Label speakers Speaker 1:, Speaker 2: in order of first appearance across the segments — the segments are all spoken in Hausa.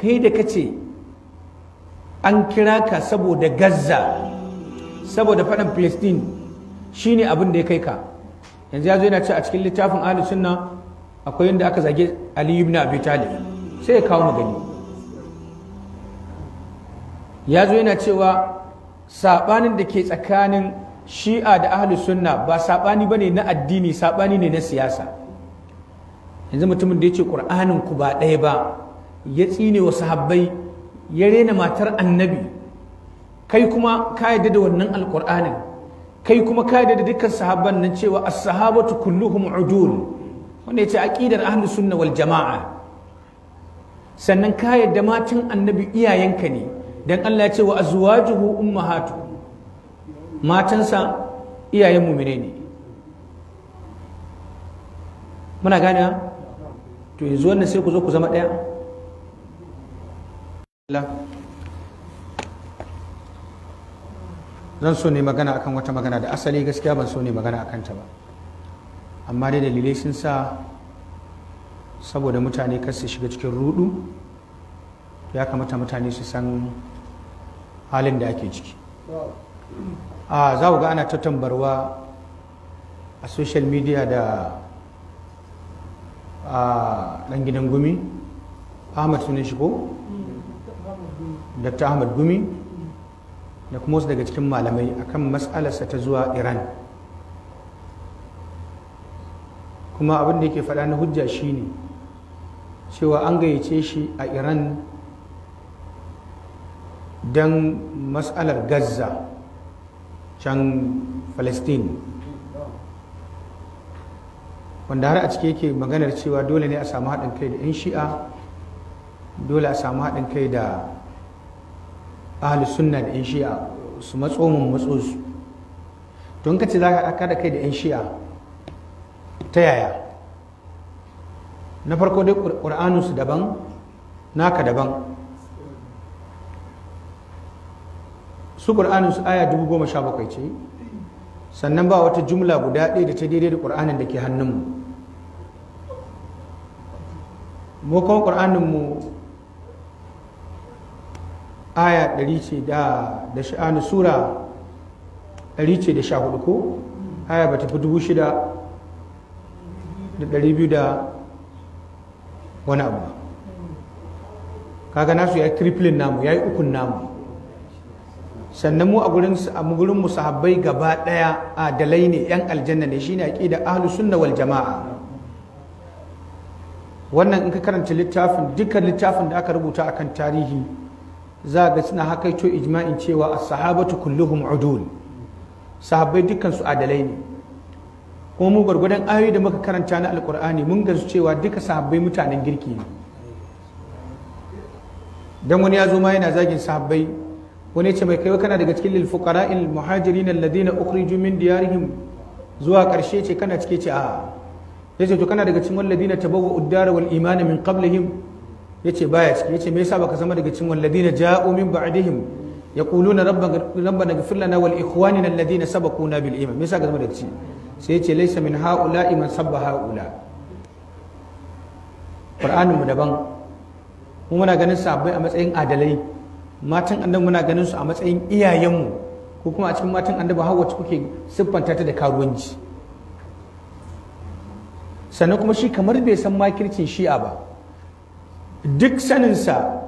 Speaker 1: kai da ka ce an kira ka saboda gaza saboda faɗin palestine shine abin da ya kai ka yanzu ya zo yana ce a cikin littafin ahli sunna akwai yadda aka zage ali ibn abi talib sai ya kawo magani ya zo yana cewa saɓanin da ke tsakanin shi'a da ahli sunna ba saɓani ba ne na addini sabani ne na siyasa yanzu mutumin da ya ce ƙur'anin ku ba ɗaya ba ya tsine wa sahabbai ya rena matar annabi kai kuma ka yadda da wannan alƙur'anin kai kuma ka yadda da dukkan sahabban nan cewa as-sahabatu kulluhum udul wanda yace aqidar ahlus sunna wal jamaa sannan ka yadda matan annabi iyayenka ne dan Allah ya ce wa azwajuhu ummahatu matansa iyayen mumine ne muna gane to yanzu wannan sai ku zo ku zama ɗaya la zan so ne magana akan wata magana da asali gaskiya ban so ne magana akan ta ba amma dai dalilai sun sa saboda mutane kar su shiga cikin rudu ya kamata mutane su san halin da ake ciki a za ga ana ta tambarwa a social media da a ɗan gidan gumi ahmad sunan shigo. dr ahmad gumi da kuma wasu daga cikin malamai akan matsalarsa ta zuwa iran kuma abin da yake faɗa na hujja shine cewa an gayyace shi a iran don matsalar gaza can palestine wanda har a ciki yake maganar cewa dole ne a samu haɗin kai da 'yan shi'a dole a samu haɗin kai da ahli sunna da yan shi'a su matso mun matso su don ka ce za ka kada kai da yan shi'a ta yaya na farko dai su daban naka daban su su aya 17 ce sannan ba wata jumla guda ɗaya da ta daidai da ƙur'anin da ke hannunmu mu kuma ƙur'aninmu aya ɗari ce da da sha'ani ah, sura ɗari ce da sha hudu ko aya ba ta fi shida da ɗari biyu da wani abu kaga nasu ya yi triplin namu ya yi ukun namu sannan mu a gurin a gaba ɗaya a dalai ne yan aljanna ne shine da ahlu sunna wal jamaa wannan in ka karanta littafin dukkan littafin da aka rubuta akan tarihi za ga suna hakaito ijma'in cewa a sahabatu kulluhum udul sahabbai dukkan su adalai ne kuma mu gwargwadon ayoyi da muka karanta na alkur'ani mun gazu cewa duka sahabbai mutanen girki ne dan wani ya zo ma yana zagin sahabbai wani ce mai kaiwa kana daga cikin lil fuqara al muhajirin alladhina ukhriju min diyarihim zuwa karshe ce kana cike ce a yace to kana daga cikin walladina tabawwa uddara wal imana min qablihim ya ce baya ciki yace me yasa baka zama daga cikin walladina ja'u min ba'dihim yaquluna rabbana na ighfir lana wal ikhwanina saba sabaquna bil iman me yasa ka zama daga ciki sai ce laysa min haula iman sabba haula qur'anin mu daban mu muna ganin sahabbai a matsayin adalai matan annabi muna ganin su a matsayin iyayenmu ko kuma a cikin matan annabi har wacce kuke siffanta ta da karuwanci sannan kuma shi kamar bai san makircin shi'a ba duk saninsa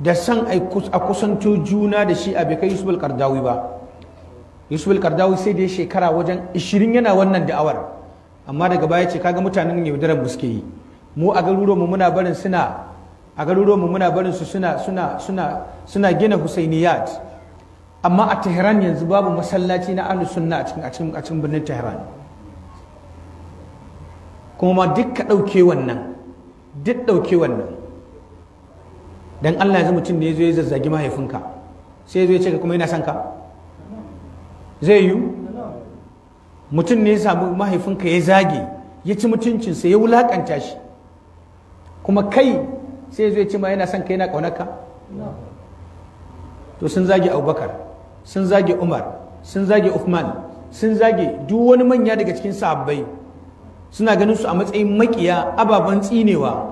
Speaker 1: da san a kusanto juna da shi a bekai kai yusuf al-kardawi ba yusuf al-kardawi sai da ya shekara wajen 20 yana wannan da'awar amma daga baya ce kaga mutanen yaudarar muske yi mu a garuruwanmu muna barin suna a garuruwanmu muna barin su suna suna suna suna gina husainiyat amma a tehran yanzu babu masallaci na ahlus sunna a cikin a cikin birnin tehran kuma ma duk ka ɗauke wannan duk ɗauki wannan don allah zama mutum da ya zo ya zazzagi mahaifinka sai ya zo ya ce ka kuma yana son ka zai yiwu mutum ne ya samu mahaifinka ya zage ya ci mutuncinsa ya wulakanta shi kuma kai sai ya zo ya ce ma yana son ka yana ƙaunarka to sun zage abubakar sun zage umar sun zage uthman sun zage duk wani manya daga cikin sahabbai suna ganin su a matsayin makiya ababen tsinewa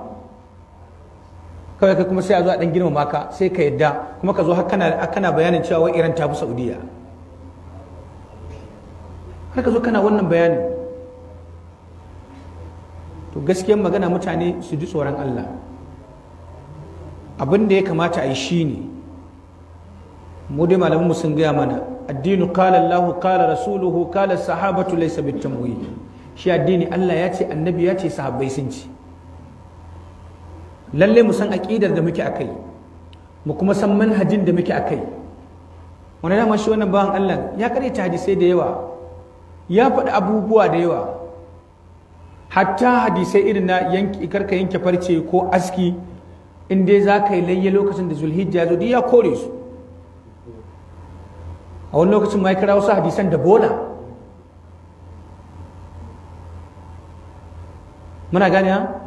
Speaker 1: kawai kai kuma sai a zo a dan girmama maka sai ka yadda kuma ka zo kana bayanin cewa wai Iran tafi Saudiya har ka zo kana wannan bayanin to gaskiyar magana mutane su ji tsoron Allah abin da ya kamata a yi shi ne. mu dai malaman mu sun gaya mana addinu qala Allah qala rasuluhu qala sahabatu laysa bitamwi shi addini Allah ya ce annabi ya ce sahabbai sun ci lalle mu san aqidar da muke akai mu kuma san manhajin da muke akai wani dama shi wannan bawan Allah ya ta hadisai da yawa ya faɗi abubuwa da yawa hatta hadisai irin na yanki karka yanke farce ko aski in dai za ka yi layya lokacin da zulhijja zo ya kore su a wani lokacin ma ya kira wasu hadisan da bola muna gane ha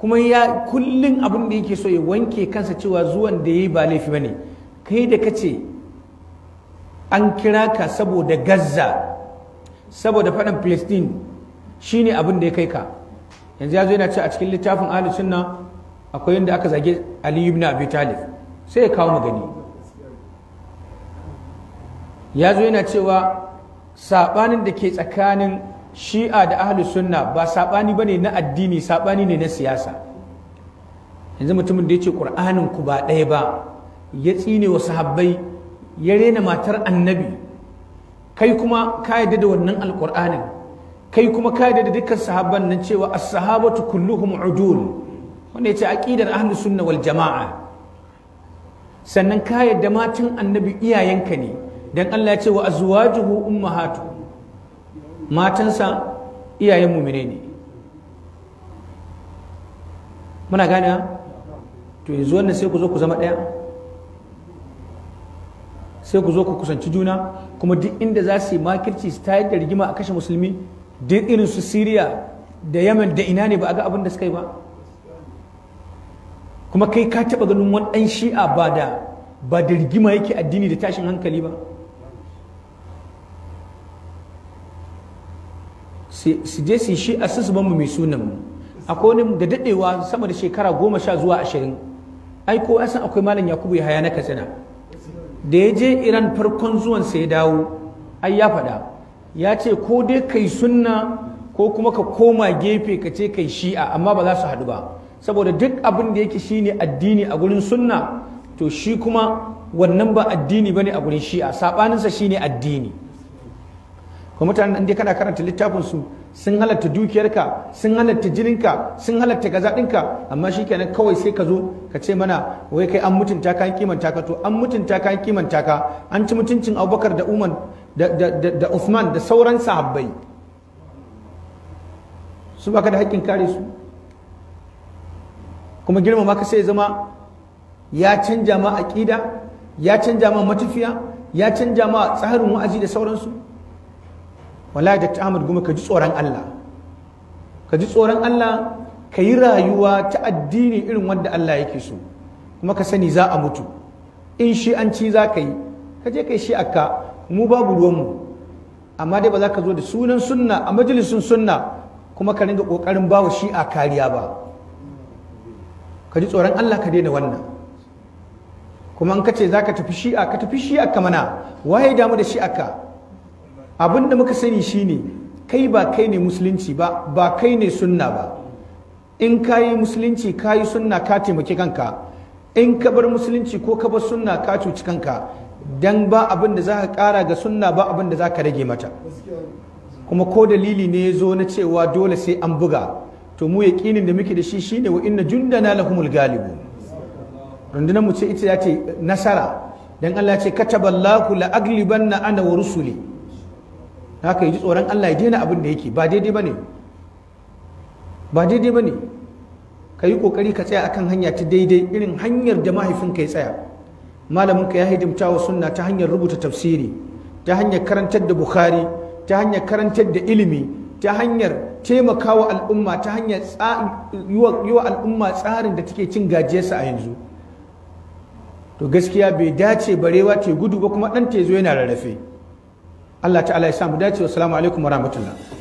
Speaker 1: kuma ya kullun abin da yake so ya wanke kansa cewa zuwan da yayi ba laifi ba ne kai da kace an kira ka saboda Gaza saboda faɗan Palestine shine abin da ya kai ka yanzu ya zo yana ce a cikin littafin Ahlus Sunna akwai yadda aka zage Ali ibn Abi Talib sai ya kawo magani ya zo yana cewa saɓanin da ke tsakanin shi'a da ahli sunna ba saɓani bane na addini saɓani ne na siyasa yanzu mutumin da ya ce ku ba ɗaya ba ya tsine wa sahabbai ya rena matar annabi kai kuma ka yadda da wannan alƙur'anin kai kuma ka yadda da dukkan sahabban nan cewa as-sahabatu kulluhum udul wanda ya ce aqidar ahli sunna wal jama'a sannan ka yadda matan annabi iyayenka ne dan Allah ya ce wa azwajuhu ummahatuhum matansa iyayen mumine ne muna gane to yanzu wannan sai ku zo ku zama ɗaya sai ku zo ku kusanci juna kuma duk inda za su yi makirci su tayar da rigima a kashe musulmi duk irin su siriya da yaman da ina ne ba a ga abin da suka yi ba kuma kai ka taɓa ganin wani ɗan shi'a ba da ba da rigima yake addini da tashin hankali ba su je su shi a su mu mai sunan mu akwai wani da daɗewa sama da shekara goma sha zuwa ashirin ai ko san akwai malam yakubu ya haya na katsina da ya je iran farkon zuwan sa ya dawo ai ya faɗa ya ce ko dai kai sunna ko kuma ka koma gefe ka ce kai shi'a amma ba za su haɗu ba saboda duk abin da yake shine addini a gurin sunna to shi kuma wannan ba addini bane a gurin shi'a saɓaninsa shine addini ko mutanen da kana karanta littafin su sun halatta dukiyarka sun halatta jininka sun halatta gaza ka amma kenan kawai sai ka zo ka ce mana wai kai an mutunta ka an kimanta ka to an mutunta ka an kimanta ka an ci mutuncin Abubakar da Umar da da Uthman da sauran sahabbai su baka da haƙƙin kare su kuma girmama ka sai zama ya canja ma aƙida ya canja ma matafiya ya canja ma tsarin wa'azi da sauransu wala da Ahmad Guma ka ji tsoron Allah ka ji tsoron Allah ka yi rayuwa ta addini irin wanda Allah yake so kuma ka sani za a mutu in shi an ci za ka yi ka je ka yi shi akka mu babu ruwanmu amma dai ba za ka zo da sunan sunna a majalisun sunna kuma ka ringa kokarin bawa shi a kariya ba ka ji tsoron Allah ka daina wannan kuma in ka ce za ka tafi shi'a ka tafi shi'a ka mana waye damu da shi'a ka abin da muka sani shine kai ba kai ne musulunci ba ba kai ne sunna ba in ka yi musulunci ka yi sunna ka taimaki kanka in ka bar musulunci ko ka bar sunna ka cuci kanka dan ba abin da za ka kara ga sunna ba abin da za ka rage mata kuma ko dalili ne ya zo na cewa dole sai an buga to mu yaƙinin da muke da shi shine wa inna na lahumul galibu rundunar mu ce ita ya ce nasara dan Allah ce kataballahu la aglibanna ana wa rusuli haka yi ji tsoron Allah ya daina abin da yake ba daidai ne ba daidai ne ka yi kokari ka tsaya akan hanya ta daidai irin hanyar da mahaifinka ya tsaya malaminka ya hidimta wa sunna ta hanyar rubuta tafsiri ta hanyar karantar da bukhari ta hanyar karantar da ilimi ta hanyar taimakawa al'umma ta hanyar yi wa al'umma tsarin da take cin gajiyarsa a yanzu to gaskiya bai dace barewa ce gudu ba kuma ɗan tezo yana rarrafe Allah ta'ala ya samu dace wa salamu alaikum wa rahmatullah